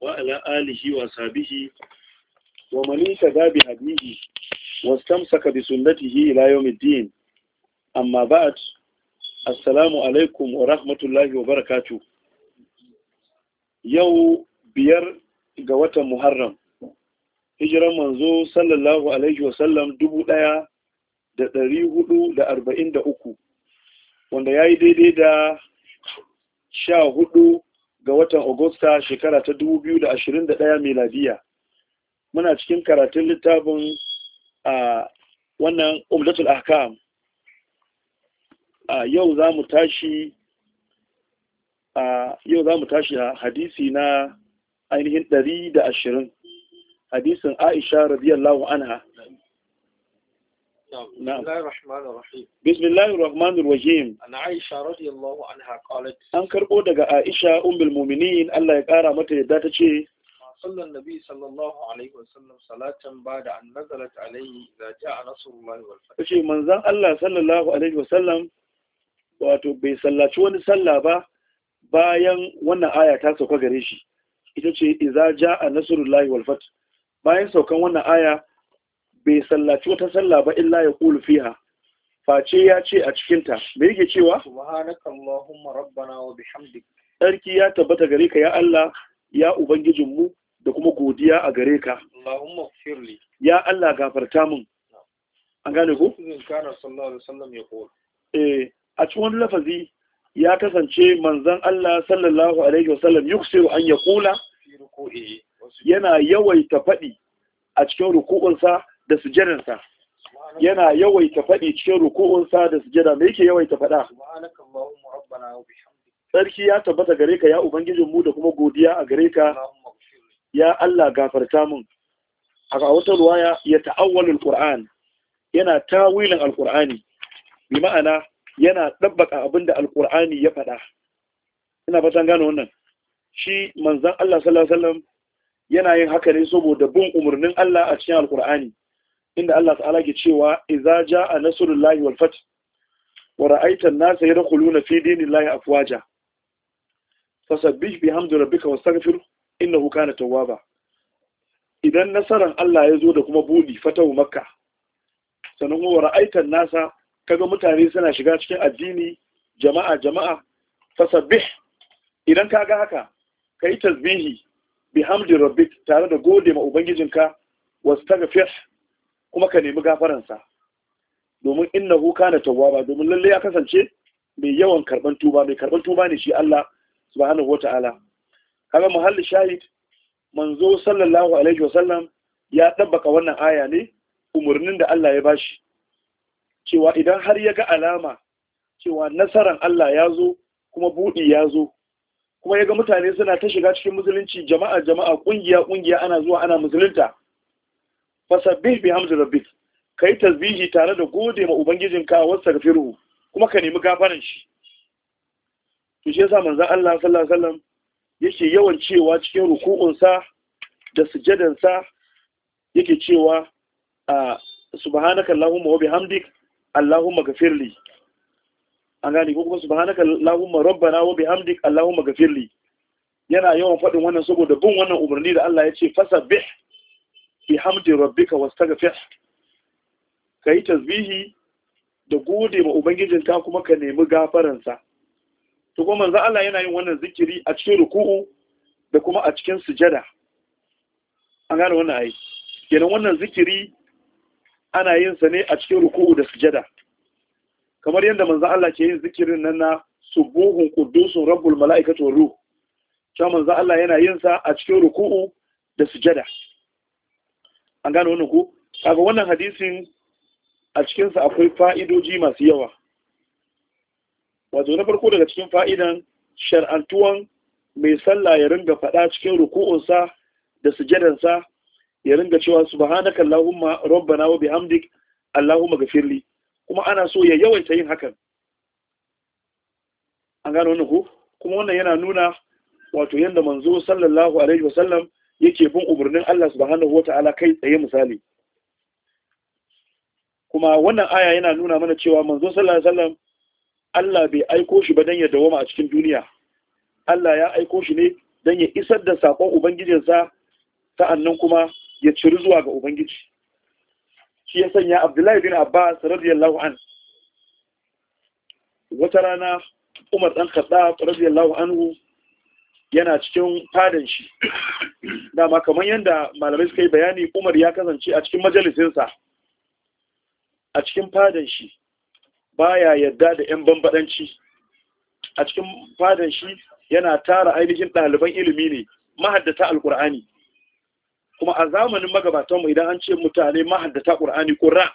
Wa alAlihi wa sabbihi! Wa ma ni ka gabi Habibi? Wasu bi sunanin hiye layo Amma ba'ad, "Assalamu alaikum wa rahmatullahi wa barakatu!" Yau biyar ga watan Muharram. Hijran manzo Sallallahu Alaihi Wasallam dubu ɗaya da ɗari da arba'in da uku, wanda yayi daidai da sha huɗu. ga watan Agusta shekara ta 2021 miladiya. Muna cikin karatun littafin a wannan Umdatul Ahkam. A yau za mu tashi a yau za mu tashi a hadisi na ainihin ɗari da 120 hadisin Aisha radiyallahu anha. نعم بسم الله الرحمن الرحيم بسم الله الرحمن الرحيم أنا عائشة رضي الله عنها قالت أنكر أودك عائشة أم المؤمنين الله يقارى متى يدات شيء صلى النبي صلى الله عليه وسلم صلاة بعد أن نزلت عليه إذا جاء نصر الله والفتح شيء من ذا الله صلى الله عليه وسلم wato bai sallaci wani sallah ba bayan wannan aya ta sauka gare shi ita ce iza ja'a nasrullahi wal fath bayan saukan wannan aya bai sallaci wata sallah ba illa ya kulu fiha face ya ce a cikin ta me yake cewa subhanaka allahumma rabbana wa bihamdik sarki ya tabbata gare ka ya Allah ya ubangijin mu da kuma godiya a gare ka allahumma firli ya Allah gafarta mun. an gane ko kana sallallahu alaihi wasallam ya qulu eh a cikin wani lafazi ya kasance manzon Allah sallallahu alaihi wasallam yuksiru an yaqula yana yawaita faɗi a cikin ruku'unsa da sujadarsa yana yawaita faɗi cikin ruku'unsa da sujada me yake yawaita faɗa sarki ya tabbata gare ka ya ubangijinmu da kuma godiya a gare ka ya Allah gafarta mun a wata ruwaya ya ta'awwalul qur'an yana tawilin alqur'ani bi ma'ana yana dabbaka abinda alqur'ani ya faɗa ina fatan gano wannan shi manzon Allah sallallahu alaihi wasallam yana yin haka ne saboda bin umarnin Allah a cikin alqur'ani inda Allah ta'ala ke cewa idza jaa nasrullahi wal fath wa ra'aita an-nasa yadkhuluna fi dinillahi afwaja fasabbih bihamdi rabbika wastaghfir innahu kana tawwaba idan nasaran Allah ya zo da kuma budi fatahu makka sannan kuma ra'aitan nasa kaga mutane suna shiga cikin addini jama'a jama'a fasabbih idan kaga haka kai tasbihi bihamdi rabbik tare da gode ma ubangijinka wastaghfir kuma ka nemi gafaransa domin na kana tawwaba domin lalle ya kasance mai yawan karban tuba mai karban tuba ne shi Allah subhanahu ta'ala kaga muhalli shahid manzo sallallahu alaihi wasallam ya tabbaka wannan aya ne umurnin da Allah ya bashi cewa idan har ya ga alama cewa nasaran Allah ya zo kuma buɗe ya zo kuma ya ga mutane suna ta shiga cikin musulunci jama'a jama'a ƙungiya kungiya ana zuwa ana musulunta fasabbih bi hamdi rabbik kai tasbihi tare da gode ma ubangijinka wa astaghfiruhu kuma ka nemi gafaran shi to shi yasa manzon Allah sallallahu alaihi wasallam yake yawan cewa cikin ruku'unsa da sujadansa yake cewa a subhanaka allahumma wa bihamdik allahumma ghafirli an gane ko kuma subhanaka allahumma rabbana wa bihamdik allahumma ghafirli yana yawan faɗin wannan saboda bin wannan umarni da Allah ya ce fasabbih bi hamdi rabbika wastaghfir kai tasbihi da gode ma ubangijinka kuma ka nemi gafaransa to kuma manzo Allah yana yin wannan zikiri a cikin ruku'u da kuma a cikin sujada an gane wannan ayi kenan wannan zikiri ana yin sa ne a cikin ruku'u da sujada kamar yadda manzo Allah ke yin zikirin nan na subuhun qudusun rabbul malaikatu ruh kuma manzo Allah yana yin sa a cikin ruku'u da sujada an gane wannan ko kaga wannan hadisin a cikinsa akwai fa'idoji masu yawa wato na farko daga cikin fa'idan shar'antuwan mai sallah ya ringa faɗa cikin ruku'unsa da sujadansa ya ringa cewa subhanaka allahumma rabbana wa bihamdik allahumma gafirli kuma ana so ya yawaita yin hakan an gano wannan ku? kuma wannan yana nuna wato yanda manzo sallallahu alaihi wasallam yake bin umarnin Allah subhanahu wata'ala kai tsaye misali kuma wannan aya yana nuna mana cewa manzo sallallahu alaihi wasallam Allah bai aiko shi ba dan ya dawoma a cikin duniya Allah ya aiko shi ne dan ya isar da sakon ubangijinsa annan kuma ya ciri zuwa ga ubangiji shi ya sanya Abdullahi bin Abbas radiyallahu an wata rana Umar dan Khattab radiyallahu anhu yana cikin fadan shi dama kamar yadda malamai suka yi bayani umar ya kasance a cikin majalisinsa a cikin fadan shi baya yadda da 'yan bambadanci a cikin fadan shi yana tara ainihin ɗaliban ilimi ne mahaddata alkur'ani kuma a zamanin magabatanmu idan an ce mutane mahaddata ƙur'ani ƙura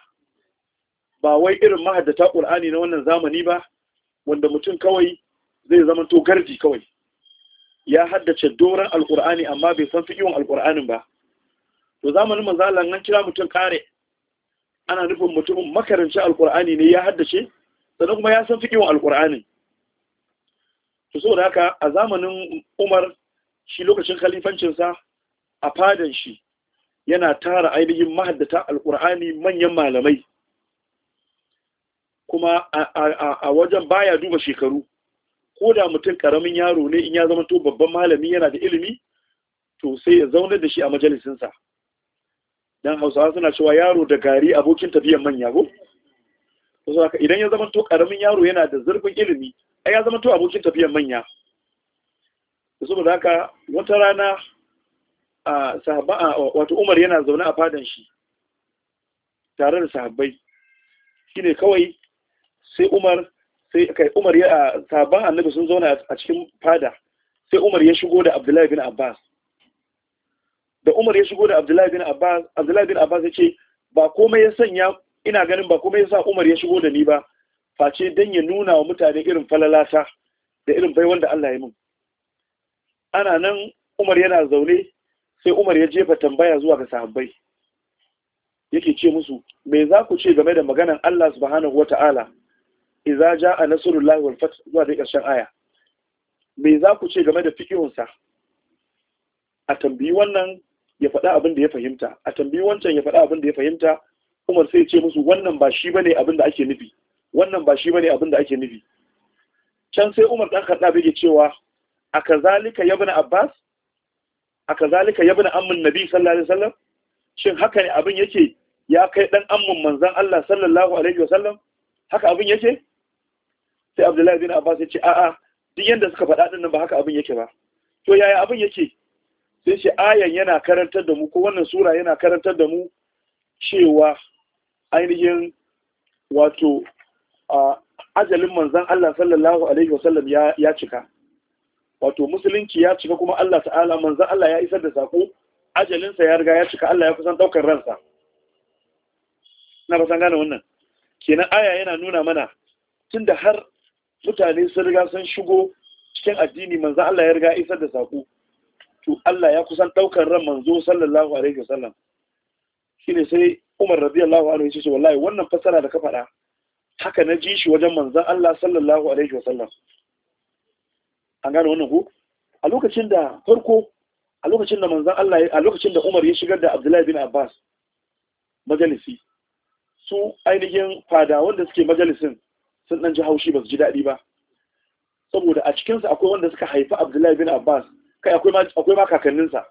ba wai irin mahaddata ƙur'ani na wannan zamani ba wanda mutum kawai zai zama to garji kawai ya haddace doran alkur'ani amma bai san fiƙiyon alkur'anin ba to zamanin manzalan nan kira mutum kare ana nufin mutumin makarancin alkur'ani ne ya haddace sannan kuma ya san fiƙiyon alkur'anin to saboda haka a zamanin umar shi lokacin khalifancinsa a fadan shi yana tara ainihin mahaddata alkur'ani manyan malamai kuma a wajen baya duba shekaru ko da mutum karamin yaro ne in ya zama to babban malami yana da ilimi to sai ya zaunar da shi a majalisinsa dan hausawa suna cewa yaro da gari abokin tafiyan manya ko haka idan ya zama to karamin yaro yana da zurfin ilimi ai ya zama to abokin tafiyan manya ba haka wata rana a sahaba a wato Umar yana zaune a fadan shi tare da sahabbai shine kawai sai Umar sai kai Umar ya saban Annabi sun zauna a cikin fada sai Umar ya shigo da Abdullahi bin Abbas da Umar ya shigo da Abdullahi bin Abbas Abdullahi bin Abbas ya ce ba komai ya sanya ina ganin ba komai ya sa Umar ya shigo da ni ba face dan ya nuna wa mutane irin falalata da irin bai wanda Allah ya mun ana nan Umar yana zaune sai Umar ya jefa tambaya zuwa ga sahabbai yake ce musu me za ku ce game da maganan Allah subhanahu wata'ala idza jaa nasrullahi wal fath zuwa da ƙarshen aya me za ku ce game da fikihunsa a tambayi wannan ya faɗa abin da ya fahimta a tambayi wancan ya faɗa abin da ya fahimta Umar sai ce musu wannan ba shi bane abin da ake nufi wannan ba shi bane abin da ake nufi can sai Umar dan Khattab yake cewa a kazalika ya ibn Abbas a kazalika ya ibn ammin Nabi sallallahu alaihi wasallam shin haka ne abin yake ya kai dan ammin manzon Allah sallallahu alaihi wasallam haka abin yake sai abdullahi bin abbas ya ce a'a duk yanda suka faɗa ɗin nan ba haka abin yake ba to yaya abin yake sai ce ayan yana karantar da mu ko wannan sura yana karantar da mu cewa ainihin wato a ajalin manzan Allah sallallahu alaihi wasallam ya ya cika wato musulunci ya cika kuma Allah ta'ala manzan Allah ya isar da sako ajalinsa ya riga ya cika Allah ya kusan daukar ransa na ba san gane wannan kenan aya yana nuna mana tunda har mutane sun riga sun shigo cikin addini manzo Allah ya riga isar da sako to Allah ya kusan daukar ran manzo sallallahu alaihi wasallam shine sai Umar radiyallahu anhu yace wallahi wannan fasara da ka faɗa haka na ji shi wajen manzo Allah sallallahu alaihi wasallam an gane wannan ko a lokacin da farko a lokacin da manzo Allah a lokacin da Umar ya shigar da Abdullahi bin Abbas majalisi su ainihin fadawan da suke majalisin sun ɗan ji haushi ba su ji daɗi ba saboda a cikinsu akwai wanda suka haifi abdullahi bin abbas kai akwai ma kakanninsa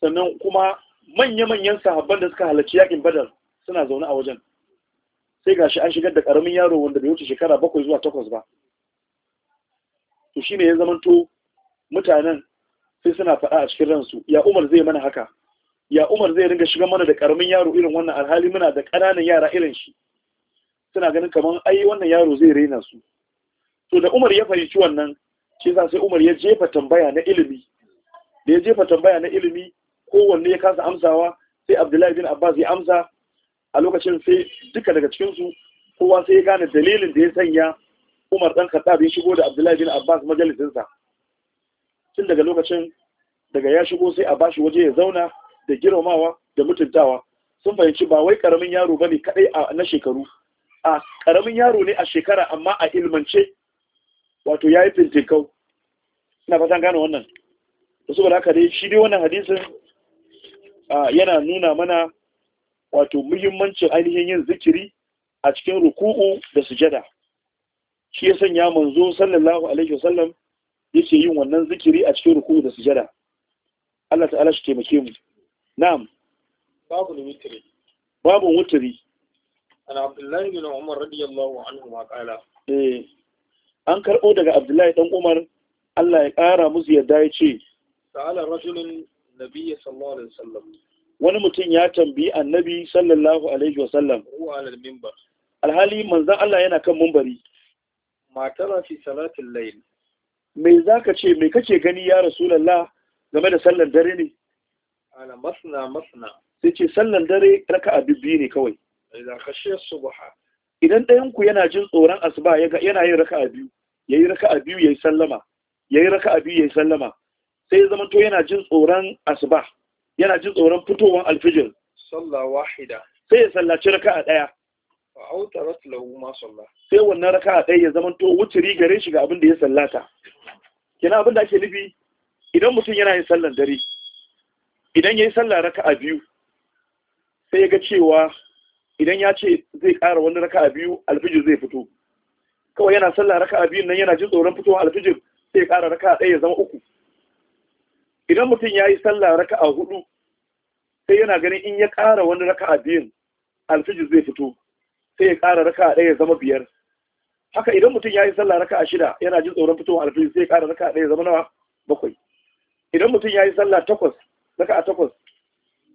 sannan kuma manya-manyan sahabban da suka halarci yakin badar suna zaune a wajen sai gashi an shigar da ƙaramin yaro wanda bai wuce shekara bakwai zuwa takwas ba to shine ya zamanto mutanen sai suna faɗa a cikin ransu ya umar zai mana haka ya umar zai ringa shigar mana da ƙaramin yaro irin wannan alhali muna da ƙananan yara irin shi suna ganin kamar ai wannan yaro zai raina su to da Umar ya fahimci wannan shi yasa sai Umar ya jefa tambaya na ilimi da ya jefa tambaya na ilimi kowanne ya kasa amsawa sai Abdullahi bin Abbas ya amsa a lokacin sai duka daga cikin su kowa sai ya gane dalilin da ya sanya Umar dan Khattab ya shigo da Abdullahi bin Abbas sa tun daga lokacin daga ya shigo sai a bashi waje ya zauna da girmamawa da mutuntawa sun fahimci ba wai karamin yaro bane kadai na shekaru a karamin yaro ne a shekara amma a ilmance wato ya yi fintinkau ina fatan gane wannan da su haka dai shi dai wannan hadisin yana nuna mana wato muhimmancin ainihin yin zikiri a cikin ruku'u da sujada shi ya sanya manzo sallallahu alaihi wasallam yake yin wannan zikiri a cikin ruku'u da sujada Allah ta'ala shi taimake mu na'am babu wutri babu wutri Ana Abdullahi bin Umar radiyallahu anhu ma kala. Eh. An karɓo daga Abdullahi dan Umar Allah ya ƙara musu yadda ya ce. Sa'ala rajulun nabiyyi sallallahu alaihi wasallam. Wani mutum ya tambayi annabi sallallahu alaihi wasallam. Huwa alal minbar. Alhali manzon Allah yana kan mumbari. Matara fi salatin layl. Me zaka ce me kake gani ya Rasulullah game da sallar dare ne? Ala masna masna. Sai ce sallar dare raka'a bibbi ne kawai. da khashiya subha idan ɗayan ku yana jin tsoron asuba yana yin raka'a biyu yayi raka'a biyu yayi sallama yayi raka'a biyu yayi sallama sai ya zamanto yana jin tsoron asuba yana jin tsoron fitowar alfijir salla wahida sai ya sallaci raka'a daya fa autarat lahu ma salla sai wannan raka'a daya ya zamanto wuturi gare shi ga abin da ya sallata kina abin da ake nufi idan mutum yana yin sallan dare idan yayi sallah raka'a biyu sai ya ga cewa idan ya ce zai ƙara wani raka a biyu alfijir zai fito kawai yana sallah a biyun nan yana jin tsoron fitowa alfijir sai ya ƙara a ɗaya ya zama uku idan mutum ya yi sallah a hudu sai yana ganin in ya ƙara wani raka a biyun alfijir zai fito sai ya ƙara a ɗaya ya zama biyar haka idan mutum ya yi sallah a shida yana jin tsoron fitowa alfijir sai ya ƙara a ɗaya ya zama nawa bakwai idan mutum ya yi sallah takwas raka a takwas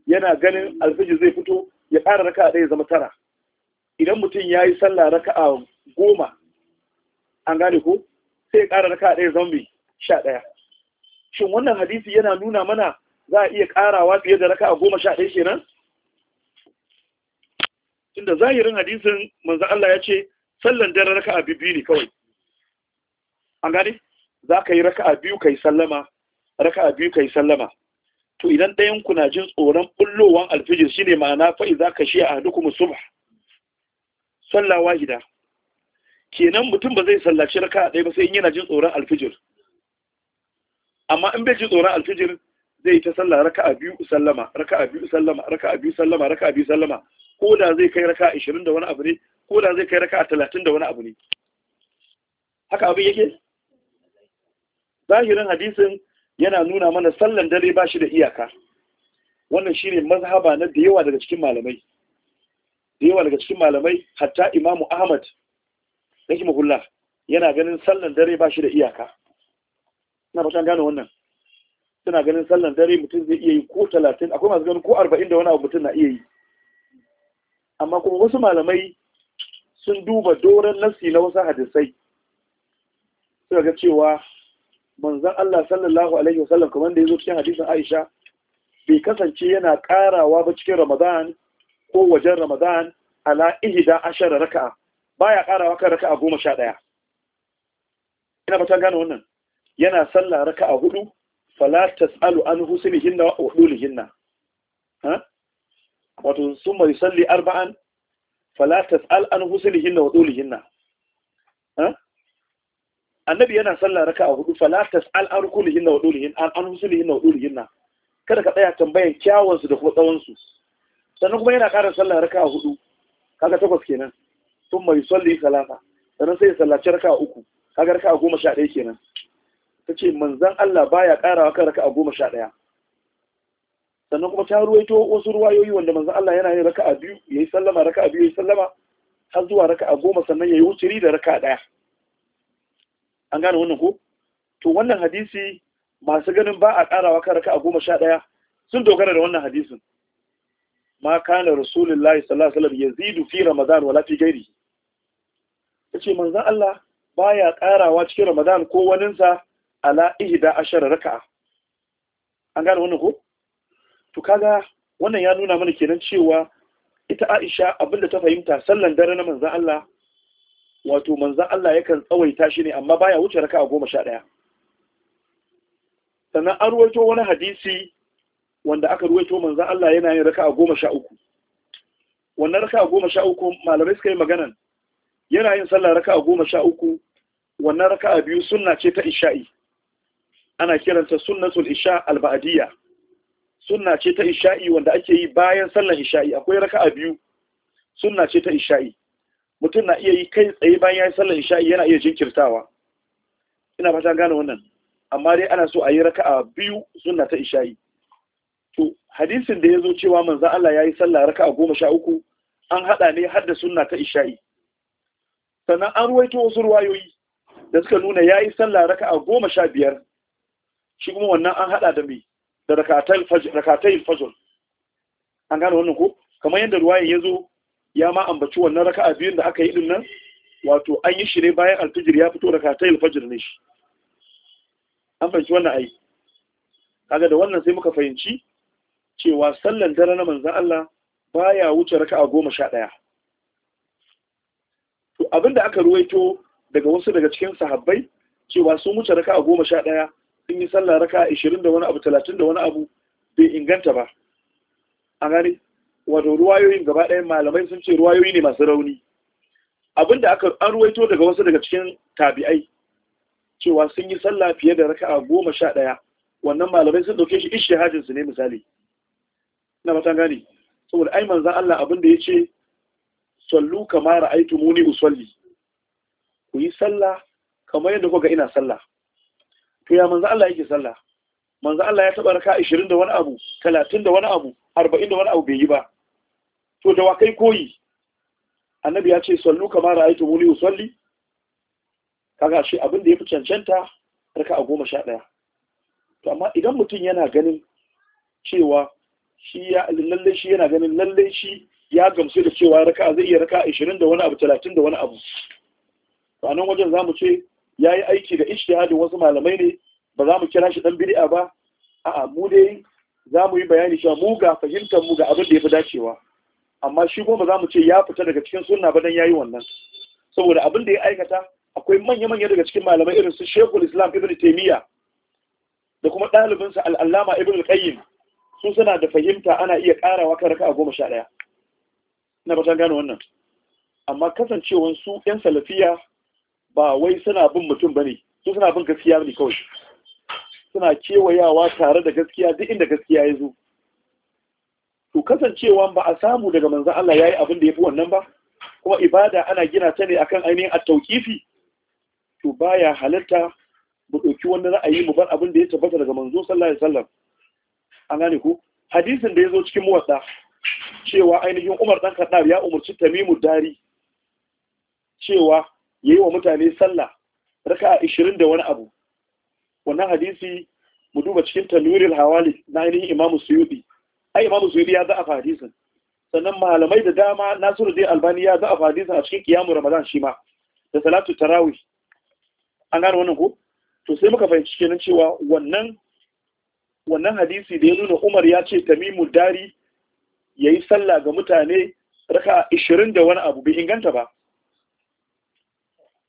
yana ganin alfijir zai fito ya ƙara raka'a ɗaya zama tara idan mutum ya yi sallah raka'a goma an gane ko sai ya ƙara raka'a ɗaya zama mai sha ɗaya shin wannan hadisi yana nuna mana za a iya ƙarawa fiye da raka'a goma sha ɗaya kenan tunda zahirin hadisin manzo Allah ya ce sallan dare raka'a biyu ne kawai an gane za ka yi raka'a biyu kai sallama raka'a biyu kai sallama to idan ɗayan ku na jin tsoron ɓullowan alfijir shi ne ma'ana shi a kashiya musu ba. salla wahida kenan mutum ba zai sallaci raka a ɗaya ba sai in yana jin tsoron alfijir amma in bai jin tsoron alfijir zai ta sallah a biyu sallama raka a biyu sallama raka a biyu sallama raka a biyu sallama ko da zai kai raka a ishirin da wani abu ne ko da zai kai raka a talatin da wani abu ne haka abin yake zahirin hadisin yana nuna mana sallan dare ba shi da iyaka wannan shine mazhaba na da yawa daga cikin malamai da yawa daga cikin malamai hatta imamu ahmad na rahimahullah yana ganin sallan dare ba shi da iyaka ina fatan gano wannan suna ganin sallan dare mutum zai iya yi ko talatin akwai masu ganin ko arba'in da wani abu mutum na iya yi amma kuma wasu malamai sun duba doron nassi na wasu hadisai suka ga cewa manzon Allah sallallahu alaihi wasallam kamar da zo cikin hadisin Aisha bai kasance yana karawa ba cikin Ramadan ko wajen Ramadan ala ihda ashara raka'a baya karawa kan raka'a goma sha ɗaya ina ba ta gane wannan yana sallah raka'a hudu fala tasalu an husnihinna wa hudulihinna ha wato summa salli arba'an fala tasal an husnihinna wa hudulihinna ha annabi yana sallah raka a hudu fala tas'al an rukulihin wa dulihin an an husulihin wa dulihin kada ka tsaya tambayan kyawun su da kuma tsawon su sannan kuma yana ƙara sallah raka a hudu kaga takwas kenan sun mai salli salata sannan sai ya sallaci raka a uku kaga raka a goma sha ɗaya kenan ta ce manzan Allah baya ƙarawa kan raka a goma sha ɗaya sannan kuma ta ruwaito wasu ruwayoyi wanda manzan Allah yana yin raka a biyu ya yi sallama raka a biyu ya yi sallama har zuwa raka a goma sannan ya yi wuciri da raka a ɗaya an gane wannan ko to wannan hadisi masu ganin ba a ƙarawa kan raka'a goma sha ɗaya sun dogara da wannan hadisin ma kana rasulullahi sallallahu alaihi wasallam yazidu fi ramadan wala fi ghairi yace manzon Allah baya ƙarawa cikin ramadan ko sa, ala ihda ashara raka'a an gane wannan ko to kaga wannan ya nuna mana kenan cewa ita Aisha abinda ta fahimta sallan dare na manzon Allah wato manzan Allah yakan tsawaita shi ne amma baya wuce raka a goma sha ɗaya sannan an ruwaito wani hadisi wanda aka ruwaito manzan Allah yana yin raka a goma sha uku wannan raka a goma sha uku malamai suka yi maganan yana yin sallah raka a goma sha uku wannan raka a biyu sunna ce ta isha'i ana kiranta sunnatul isha alba'adiyya sunna ce ta isha'i wanda ake yi bayan sallar isha'i akwai raka a biyu sunna ce ta isha'i mutum na iya yi kai tsaye bayan ya yi sallar isha'i yana iya jinkirtawa ina fata gane wannan amma dai ana so a yi raka a biyu sunna ta yi to hadisin da ya zo cewa manzan Allah ya yi sallar raka a goma sha uku an haɗa ne har da sunna ta yi sannan an ruwaito wasu ruwayoyi da suka nuna ya yi sallar raka a goma sha biyar shi kuma wannan an haɗa da mai da rakatai fajr an gane wannan ko kamar yadda ruwayan ya zo ya ma ambaci wannan raka'a biyun da aka yi din nan wato an yi shi ne bayan alfijir ya fito raka'a ta alfajir ne shi an fahimci wannan ai kaga da wannan sai muka fahimci cewa sallan dare na manzon Allah baya wuce raka'a goma sha ɗaya to abinda aka ruwaito daga wasu daga cikin sahabbai cewa sun wuce raka'a goma sha ɗaya sun yi sallah raka'a ashirin da wani abu talatin da wani abu bai inganta ba a gani wato ruwayoyin gaba ɗayan malamai sun ce ruwayoyi ne masu rauni abinda aka an ruwaito daga wasu daga cikin tabi'ai cewa sun yi sallah fiye da raka'a goma sha ɗaya wannan malamai sun ɗauke shi ishihajin su ne misali na matan gane saboda ai manzan Allah abinda ya ce sallu kama ra'aitu muni usalli ku yi sallah kamar yadda kuka ina sallah to ya manzan Allah yake sallah manzan Allah ya taɓa raka'a ashirin da wani abu talatin da wani abu arba'in da wani abu bai yi ba to da wa kai koyi annabi ya ce sallu kamar ra'aytu muni usalli kaga shi abin da yafi cancanta a goma sha ɗaya to amma idan mutum yana ganin cewa shi ya lalle shi yana ganin lalle shi ya gamsu da cewa raka, zai iya raka 20 da wani abu 30 da wani abu to anan wajen zamu ce yayi aiki da ijtihadin wasu malamai ne ba za mu kira shi dan bid'a ba a'a mu dai za mu yi bayani cewa mu ga fahimtar mu ga abin da ya fi dacewa amma shi kuma za mu ce ya fita daga cikin sunna ba dan yayi wannan saboda abin da ya aikata akwai manya-manya daga cikin malamai irin su Sheikhul Islam Ibn Taymiyyah da kuma ɗalibinsa al'allama Ibn al-Qayyim su suna da fahimta ana iya ƙarawa kan raka a goma sha ɗaya. Na batan gano wannan. Amma kasancewan su ‘yan salafiya ba wai suna bin mutum ba ne, su suna bin gaskiya ne kawai. Suna kewayawa tare da gaskiya duk inda gaskiya ya zo. to kasancewa ba a samu daga manzan Allah ya yi abin da ya fi wannan ba kuma ibada ana gina ta ne akan ainihin taukifi to baya halitta mu ɗauki wani ra'ayi mu bar abin da ya tabbata daga manzo sallallahu alaihi wasallam an gane ku hadisin da ya zo cikin muwadda cewa ainihin Umar dan Khattab ya umarci Tamimu Dari cewa ya yi wa mutane sallah raka 20 da wani abu wannan hadisi mu duba cikin tanwiril hawali na ainihin Imam Suyuti ai imamu suyuti ya za'a hadisin sannan malamai da dama nasiru dai albani ya za'a hadisin a cikin kiyamu ramadan shi ma da salatu tarawih an gano wannan ko to sai muka fahimci kenan cewa wannan wannan hadisi da ya nuna umar ya ce tamimu dari ya yi sallah ga mutane raka ishirin da wani abu bai inganta ba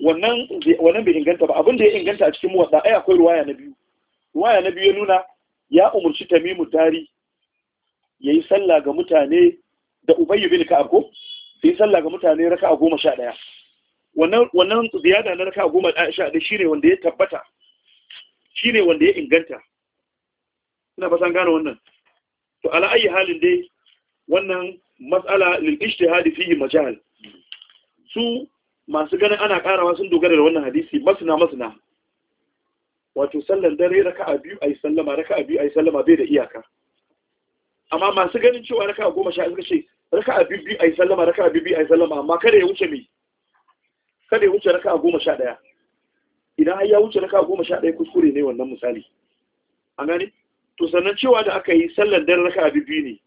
wannan bai inganta ba Abin da ya inganta a cikin muwadda ai akwai ruwaya na biyu ruwaya na biyu ya nuna ya umarci tamimu dari yayi sallah ga mutane da ubayyu bin ka ko yi sallah ga mutane raka'a goma sha ɗaya wannan wannan ziyada na a goma sha ɗaya shine wanda ya tabbata shine wanda ya inganta ina san gane wannan to ala ayi halin dai wannan matsala lil ijtihadi fihi majal su masu ganin ana karawa sun dogara da wannan hadisi masna masna wato sallan dare raka'a biyu yi sallama raka'a biyu yi sallama bai da iyaka amma masu ganin cewa raka goma sha suka ce raka a bibbi a yi sallama raka a bibbi a yi sallama amma kada ya wuce me kada ya wuce raka a goma sha ɗaya idan ya wuce raka a goma sha ɗaya kuskure ne wannan misali A gani? to sannan cewa da aka yi sallar dan raka a bibbi ne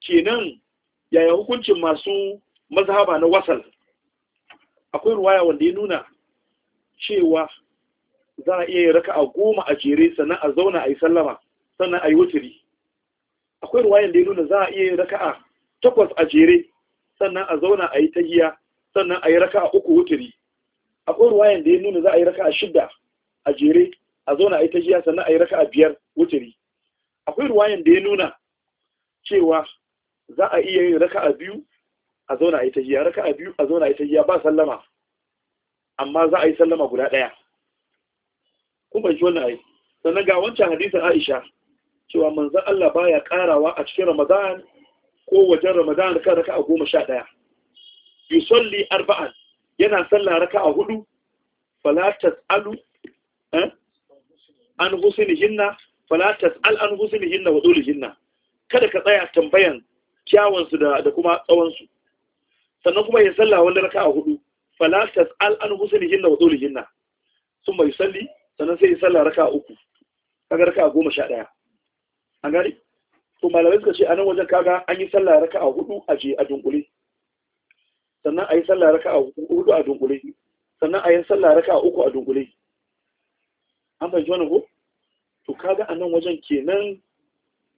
kenan yaya hukuncin masu mazhaba na wasal akwai ruwaya wanda ya nuna cewa za a iya yi raka a goma a jere sannan a zauna a yi sallama sannan a yi wuturi akwai ruwayan da ya nuna za a iya yin raka'a takwas a jere sannan a zauna a yi tahiya sannan a yi raka'a uku wuturi akwai ruwayan da ya nuna za a yi raka'a shida a jere a zauna a yi tahiya sannan a yi raka'a biyar wuturi akwai ruwayan da ya nuna cewa za a iya yin raka'a biyu a zauna a yi tahiya raka'a biyu a zauna a yi tahiya ba sallama amma za a yi sallama guda ɗaya kuma bai wannan ai sannan ga wancan hadisin Aisha cewa manzan Allah baya karawa a cikin Ramadan ko wajen Ramadan kan a goma sha ɗaya. Yusolli arba'an yana sallah a hudu, falatas alu eh, an ni hinna, falatas al an ni hinna wa hinna. Kada ka tsaya tambayan kyawansu da kuma tsawonsu. Sannan kuma ya sallah wani a hudu, falatas al an ni hinna wa hinna. Sun mai salli, sannan sai ya sallah a uku, kaga a goma sha ɗaya. an gari to malamai suka ce a nan wajen kaga an yi sallah raka a hudu a je a dunkule sannan a yi sallah raka a hudu a dunkule sannan a yi sallah raka a uku a dunkule an fahimci wannan ko to kaga a nan wajen kenan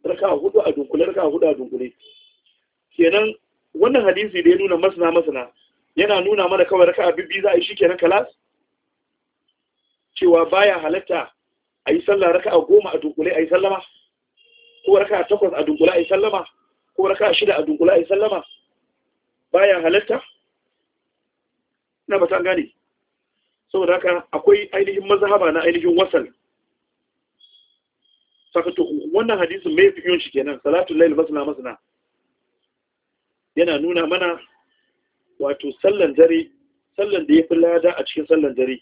raka a hudu a dunkule raka a hudu a dunkule kenan wannan hadisi da ya nuna masana masana yana nuna mana kawai raka a bibbi za a yi shi kenan kalas cewa baya halatta a yi sallah raka a goma a dunkule a yi sallama ko raka takwas a dunkula a sallama ko raka shida a dunkula a sallama baya halatta na ba ta gane saboda haka akwai ainihin mazhaba na ainihin wasal sakato wannan hadisin mai fiyon shi kenan salatul lail masna masna yana nuna mana wato sallan dare sallan da ya fi lada a cikin sallan dare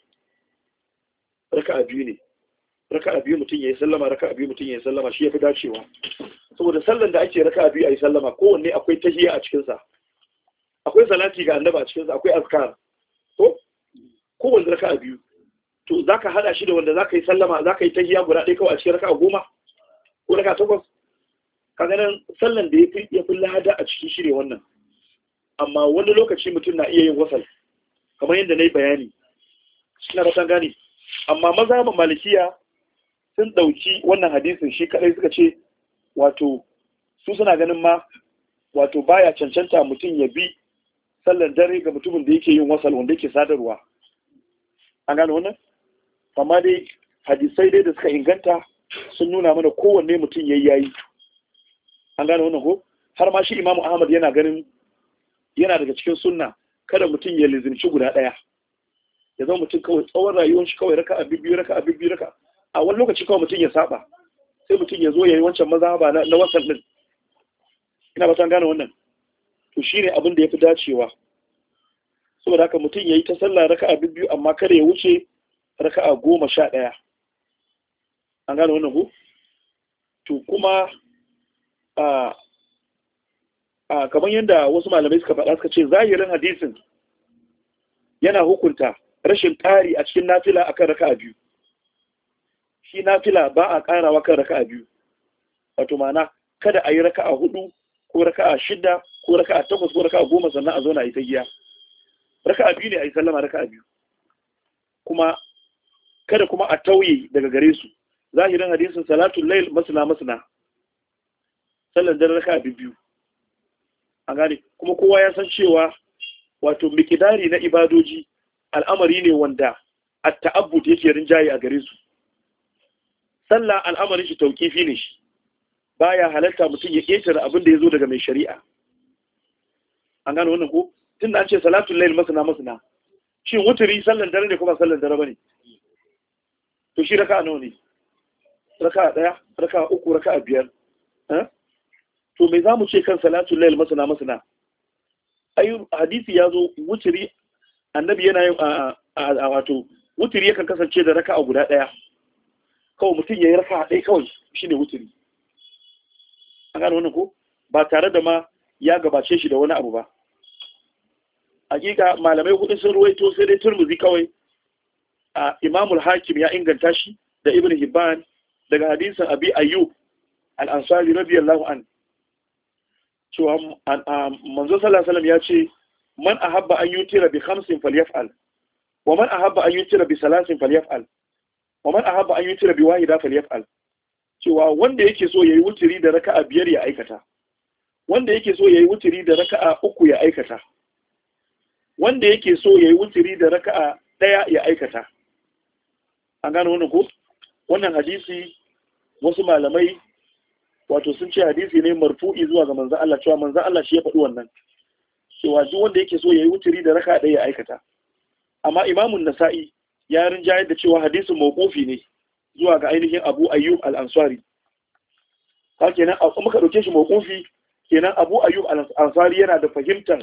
raka'a biyu ne raka'a biyu mutum ya yi sallama raka'a biyu mutum ya yi sallama shi ya fi dacewa saboda sallan da ake raka'a biyu a yi sallama kowanne akwai tahiyya a cikinsa akwai salati ga annaba a cikinsa akwai azkar to kowanne raka'a biyu to za ka haɗa shi da wanda za ka yi sallama za ka yi tahiyya guda ɗaya kawai a cikin raka'a goma ko raka'a takwas kaga nan sallan da ya fi lada a cikin shi ne wannan amma wani lokaci mutum na iya yin wasal kamar yadda na yi bayani suna ba san gane amma maza ma malikiya sun ɗauki wannan hadisin shi kaɗai suka ce wato su suna ganin ma wato baya cancanta mutum ya bi sallar dare ga mutumin da yake yin wasal wanda yake sadarwa an gano wannan amma dai hadisai dai da suka inganta sun nuna mana kowanne mutum ya yi yayi an gano wannan ko har ma shi imamu ahmad yana ganin yana daga cikin sunna kada mutum ya lizinci guda ɗaya ya zama mutum kawai tsawon rayuwar shi kawai raka abu biyu raka abu biyu raka a wani lokaci kawai mutum ya saba sai mutum ya zo ya yi wancan maza na na wasan din ina ba gane wannan to shi ne abin da ya fi dacewa saboda haka mutum ya yi ta sallah raka'a biyu amma kada ya wuce raka'a goma sha ɗaya an gane wannan ku to kuma a a kamar yadda wasu malamai suka faɗa suka ce zahirin hadisin yana hukunta rashin ƙari a cikin nafila akan raka'a biyu shi nafila ba a ƙarawa kan raka'a biyu wato ma'ana kada a yi raka'a hudu ko raka'a shida ko raka'a takwas ko raka'a goma sannan a zo na yi ta giya raka'a biyu ne a yi sallama raka'a biyu kuma kada kuma a tauye daga gare su zahirin hadisin salatul lail masna masna sallan dare raka'a biyu an gane kuma kowa ya san cewa wato mikidari na ibadoji al'amari ne wanda at-ta'abbud yake rinjaye a gare su sallah al'amarin shi tauƙifi ne shi ya halatta mutum ya ƙetare abin da ya zo daga mai shari'a an gano wannan ko tun da an ce salatun lail masana masana shi wuturi sallan dare ne kuma sallan dare ne? to shi raka nawa ne raka ɗaya, raka uku raka biyar eh? to me mu ce kan salatun lail masana masana ayu hadisi ya zo wuturi annabi yana yin a wato wuturi yakan kasance da raka'a guda ɗaya. kawai mutum ya yi raka ɗaya kawai shi ne wuturi an gano wannan ko ba tare da ma ya gabace shi da wani abu ba hakika malamai hudu sun ruwaito sai dai turmuzi kawai a imamul hakim ya inganta shi da ibn hibban daga hadisin abi ayyub al-ansari radiyallahu an cewa manzo sallallahu alaihi ya ce man ahabba an yutira bi khamsin falyaf'al wa man ahabba an yutira bi salasin falyaf'al wa man ahabba an yutira bi wahida falyaf'al cewa wanda yake so yayi wutiri da raka'a biyar ya aikata wanda yake so yayi wutiri da raka'a uku ya aikata wanda yake so yayi wutiri da raka'a daya ya aikata an gano wannan ko wannan hadisi wasu malamai wato sun ce hadisi ne marfu'i zuwa ga manzo Allah cewa manzo Allah shi ya faɗi wannan cewa duk wanda yake so yayi wutiri da raka'a daya ya aikata amma imamun nasa'i ya rinjayar da cewa hadisin mawqufi ne zuwa ga ainihin Abu Ayyub al-Ansari ka kenan a muka dauke shi mawqufi kenan Abu Ayyub al-Ansari yana da fahimtar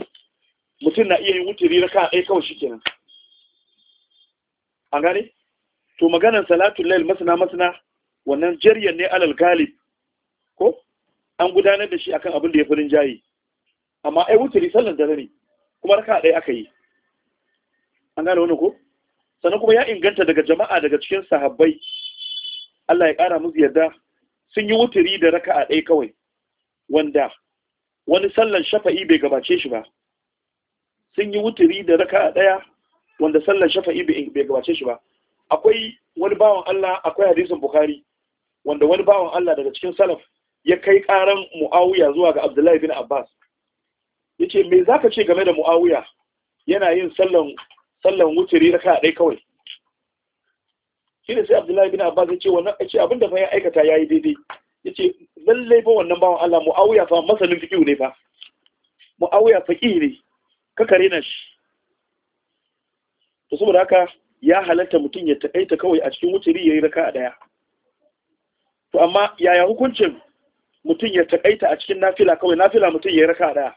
mutum na iya yin wuturi raka ɗaya kawai shi kenan an gane to maganar salatul lail masana masana wannan jaryan ne alal galib ko an gudanar da shi akan abin da ya fi jayi? amma ai wuturi sallan dare ne kuma raka ɗaya aka yi an gane wani ko sannan kuma ya inganta daga jama'a daga cikin sahabbai Allah ya ƙara musu yarda sun yi wuturi da raka'a ɗaya kawai wanda wani sallan shafa'i bai gabace shi ba sun yi wuturi da raka'a ɗaya wanda sallan shafa'i bai gabace shi ba akwai wani bawan Allah akwai hadisin Bukhari wanda wani bawan Allah daga cikin salaf ya kai karan Muawiya zuwa ga Abdullahi bin Abbas yace me zaka ce game da Muawiya yana yin sallan sallan wuturi raka dai kawai shi ne sai abdullahi bin abbas ya ce wannan ce abinda fa ya aikata yayi daidai ya ce lalle ba wannan bawan Allah mu'awiya fa masanin fiqh ne fa mu'awiya faqih ne ka kare na shi to saboda haka ya halatta mutum ya taƙaita kawai a cikin wuturi yayi raka ɗaya to amma yaya hukuncin mutum ya taƙaita a cikin nafila kawai nafila mutum yayi raka ɗaya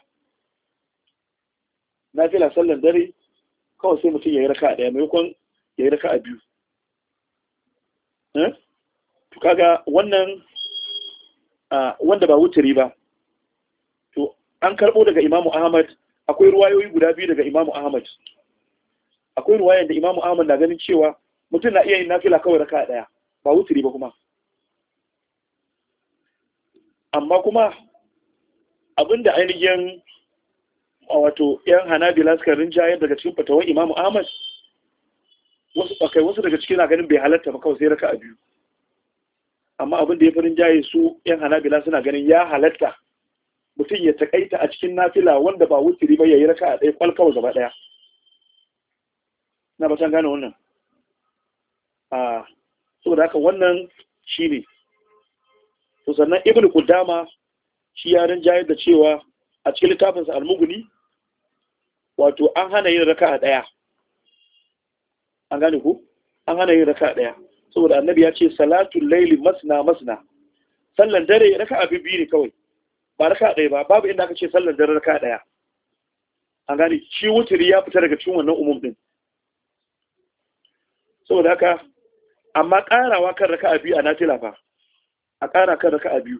nafila sallan dare kawai sai mutum ya yi raka a ɗaya maimakon ya yi raka a biyu eh? to kaga wannan wanda ba wuturi ba to an karɓo daga imamu ahmad akwai ruwayoyi guda biyu daga imamu ahmad akwai ruwayar da imamu ahmad na ganin cewa mutum na iya yin nafila kawai raka a ɗaya ba wuturi ba kuma amma kuma abinda ainihin a wato yan hanabila suka rinjaye daga cikin fatawan imamu ahmad wasu bakai wasu daga cikin na ganin bai halatta ba kawai sai raka a biyu amma abin da ya fi rinjaye su yan hanabila suna ganin ya halatta mutum ya takaita a cikin nafila wanda ba wutiri ba ya yi raka a ɗaya kwal kawai gaba ɗaya na batan gane wannan a saboda haka wannan shi ne to sannan ibn kudama shi ya rinjaye da cewa a cikin littafinsa almuguni wato an hana yin raka a daya an gane ku an hana yin raka a daya saboda annabi ya ce salatul laili masna masna sallan dare raka a biyu ne kawai ba a daya ba babu inda aka ce sallan dare a daya an gane shi wuturi ya fita daga cikin wannan umum din saboda haka amma karawa kan raka a biyu a natila fa a kara kan raka a biyu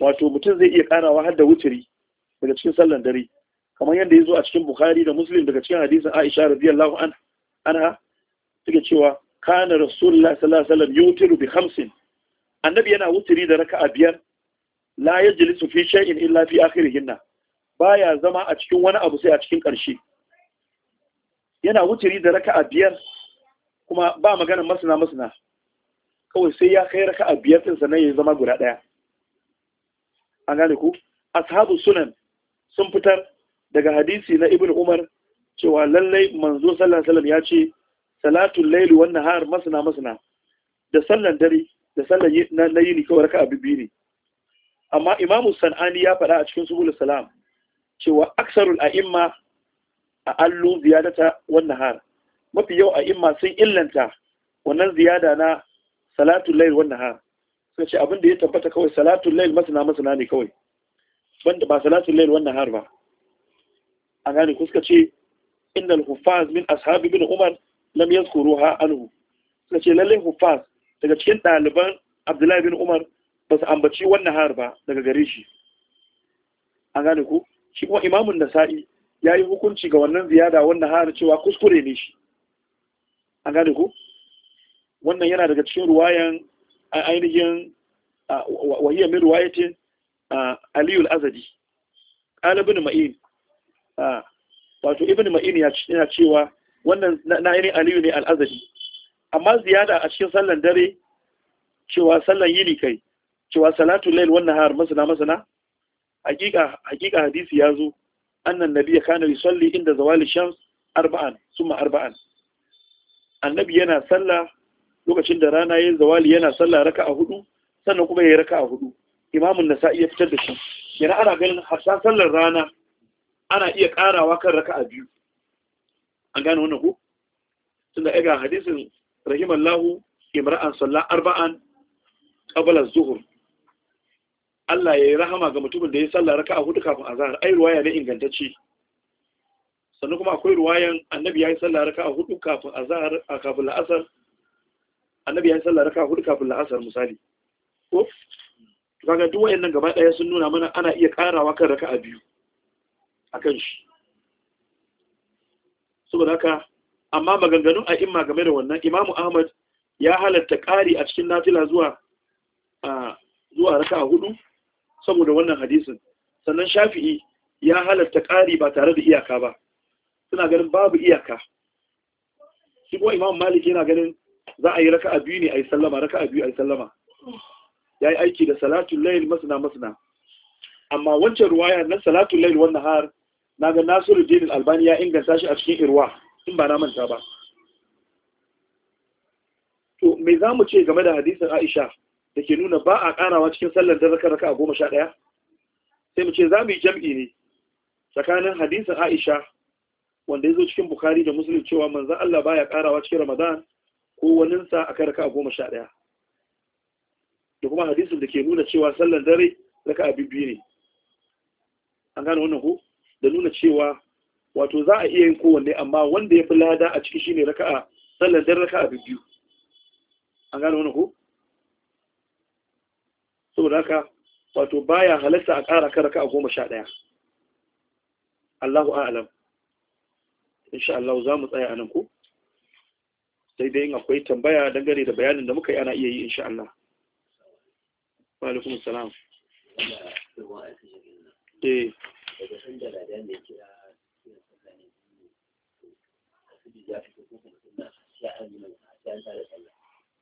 wato mutum zai iya karawa har da wuturi daga cikin sallan dare kamar yadda ya zo a cikin bukhari da muslim daga cikin hadisin aisha radiyallahu ana suke cewa kana rasulullah sallallahu alaihi wasallam yutiru bi khamsin annabi yana wutiri da raka'a biyar la yajlisu fi shay'in illa fi akhirihinna baya zama a cikin wani abu sai a cikin ƙarshe yana wutiri da raka'a biyar kuma ba magana masana masana kawai sai ya kai raka'a biyar din sannan ya zama guda daya an gane ku ashabu sunan sun fitar daga hadisi na ibn umar cewa lallai manzo sallallahu alaihi ya ce salatul layl wan nahar masna masna da sallan dare da sallan na yini kawai raka'a biyu ne amma imamu sanani ya faɗa a cikin subul salam cewa aksarul a'imma a allu ziyadata wan nahar mafi yau a'imma sun illanta wannan ziyada na salatul layl wan nahar sai ce abin da ya tabbata kawai salatul layl masna masna ne kawai banda ba salatul layl wan nahar ba an gane kuska ce innal huffaz min ashabi bin umar lam ha anhu suka ce lallai hufaz daga cikin ɗaliban abdullahi bin umar ba su ambaci wannan har ba daga gare shi an gane ku shi kuma imamun nasa'i ya yi hukunci ga wannan ziyada wannan har cewa kuskure ne shi an gane ku wannan yana daga cikin ruwayan ainihin wahiyar min ruwayatin aliyul azadi ƙalibin ma'in wato ibn ma'in yana cewa wannan na aliyu ne al'azari amma ziyada a cikin sallan dare cewa sallan yini kai cewa salatu lail wannan har masana masana hakika hakika hadisi ya zo annan nabiya kana salli, inda zawali shams arba'an summa arba'an annabi yana sallah lokacin da rana yayin zawali yana sallah raka'a hudu sannan kuma yayi raka'a hudu imamun nasa'i ya fitar da shi yana ana ganin hatta sallar rana ana iya karawa kan raka'a biyu an gane wannan ku? tunda ai ga hadisin rahimallahu imra'an salla arba'an qabla zuhur Allah ya yi rahama ga mutumin da ya salla raka'a hudu kafin azhar ai ruwaya ne ingantacce sannan kuma akwai ruwayan annabi ya yi salla raka'a hudu kafin azhar a kafin la'asar annabi ya yi salla raka'a hudu kafin la'asar misali ko kaga duk wayannan gaba daya sun nuna mana ana iya karawa kan raka'a biyu a kan shi saboda haka amma maganganun a imma game da wannan imamu ahmad ya halatta ƙari a cikin nafila zuwa zuwa raka hudu saboda wannan hadisin sannan shafi'i ya halatta ƙari ba tare da iyaka ba suna ganin babu iyaka shi kuma imamu malik yana ganin za a yi raka a biyu ne a yi sallama raka a biyu a yi sallama ya yi aiki da salatun layil masana masana amma wancan ruwaya na salatun layil wannan har na ga nasiru dinin albani ya inganta shi a cikin irwa in ba na manta ba to me za mu ce game da hadisin aisha da ke nuna ba a karawa cikin sallar da raka raka a goma sha ɗaya sai mu ce za mu yi jam'i ne tsakanin hadisin aisha wanda ya zo cikin bukari da musulun cewa manzan allah baya karawa cikin ramadan ko waninsa a kan raka a goma sha ɗaya da kuma hadisin da ke nuna cewa sallar dare raka a biyu ne an gane wannan ku da nuna cewa wato za a iya yin kowanne amma wanda ya fi lada a ciki shine raka'a sallar dan raka'a biyu an gane wani ko saboda haka wato baya halatta a ƙara kan raka'a goma sha ɗaya Allahu a'lam insha Allah za mu tsaya a nan ko sai dai in akwai tambaya dangane da bayanin da muka yi ana iya yi insha Allah wa alaikum salam eh Ah,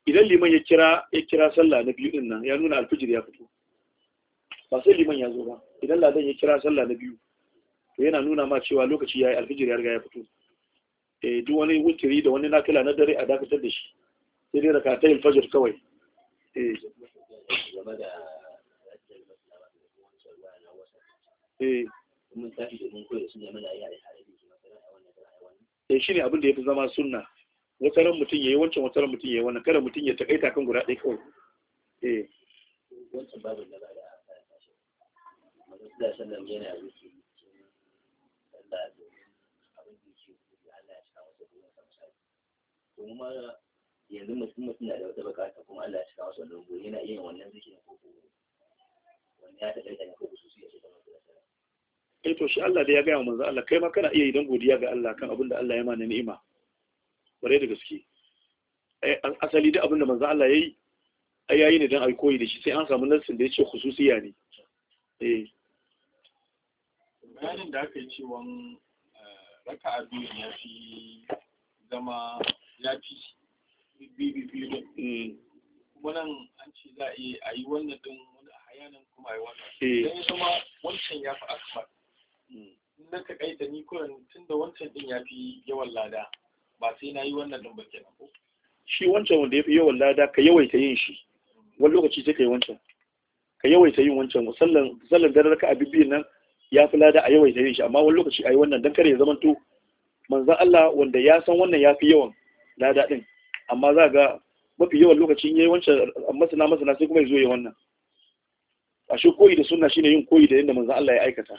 idan liman ya kira ya kira sallah na biyu din nan ya nuna alfijir ya fito ba sai liman ya zo ba idan ladan ya kira sallah na biyu to yana nuna ma cewa lokaci yayi alfijir ya riga ya fito eh duk wani wutiri da wani nafila na dare a dakatar da shi sai dai raka tayil alfajir kawai eh ah, eh mun domin da yare tare da a eh, shine abin da fi zama sunna wata ran mutum yayi wancan wannan kada mutum ya takaita kan guda ɗaya kawai eh wancan babu da ba da manzo da sallam yana rufe sallah abin da ya kuma yanzu mutum mutum na da wata bukata kuma Allah ya cika masa lungu yana iya wannan zikirin ko ko wani ya taɓa da ko eh to shi Allah da ya gaya wa manzo Allah kai ma kana iya yi dan godiya ga Allah kan abin da Allah ya mana ni'ima bare da gaske eh, asali da abin da manzo Allah yayi ai yayi ne dan koyi da shi sai an samu nassin da yace khususiya ne eh bayanin da aka yi cewa eh, raka'a biyu ya fi zama ya fi bibi hmm. kuma nan an ce za a yi wannan din wani hayanin kuma a yi wannan eh. sai ya zama wancan ya fi akbar na ka kai da ni kuran tunda wancan din yafi yawan lada ba sai na yi wannan din ba ke ko shi wancan wanda ya fi yawan lada ka yawaita yin shi wani lokaci sai ka yi wancan ka yawaita yin wancan musallan sallan da raka abibiyin nan ya fi lada a yawaita yin shi amma wani lokaci a yi wannan dan kare ya to manzan Allah wanda ya san wannan ya fi yawan lada din amma za ga mafi yawan lokacin yayi wancan masana masana sai kuma ya zo ya wannan a shi koyi da sunna shine yin koyi da yadda manzan Allah ya aikata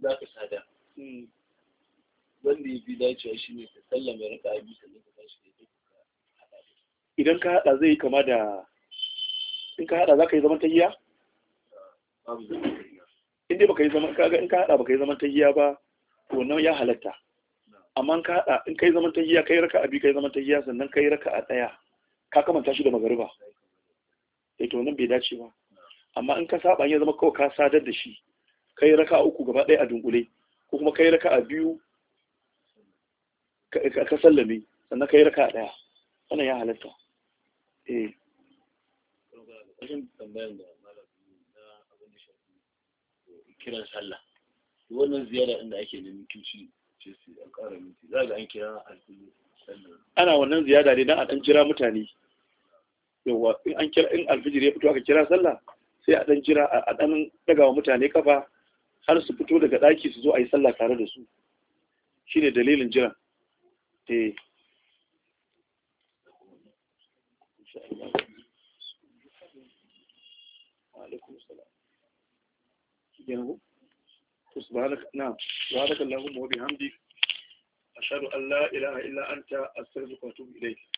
za ka sada hmm. wanda ya fi dacewa shi ne ka sallama raka abi sannan ka tashi da idan ka haɗa zai kama da in ka haɗa za ka yi zaman tahiya? in dai baka yi zaman kaga in ka haɗa baka yi zaman tahiya ba wannan ya halatta amma in ka haɗa in ka yi zaman tahiya kai raka abi kai zaman tahiya sannan kai raka a ɗaya ka kamanta shi da magariba eh to nan bai dace ba amma in ka saba ya zama kawai ka sadar da shi kai raka uku gaba ɗaya a dunkule ko kuma kai raka a biyu ka sallame sannan kai raka a ɗaya wannan ya halatta eh kiran sallah wannan ziyara inda ake da mintoci ce su an ƙara za ga an kira Sallah. ana wannan ziyara ne dan a dan jira mutane yawa in an kira in alfijir ya fito aka kira sallah sai a dan jira a dan daga wa mutane kafa har su fito daga ɗaki su zo a yi sallah tare da su shi ne dalilin jira Wa'alaikumussalam. Eh. Yanzu? Na, wa'alaikallahu wa hamdi a sharu Allah ila'a ila'anta a sarrafa tu ilai.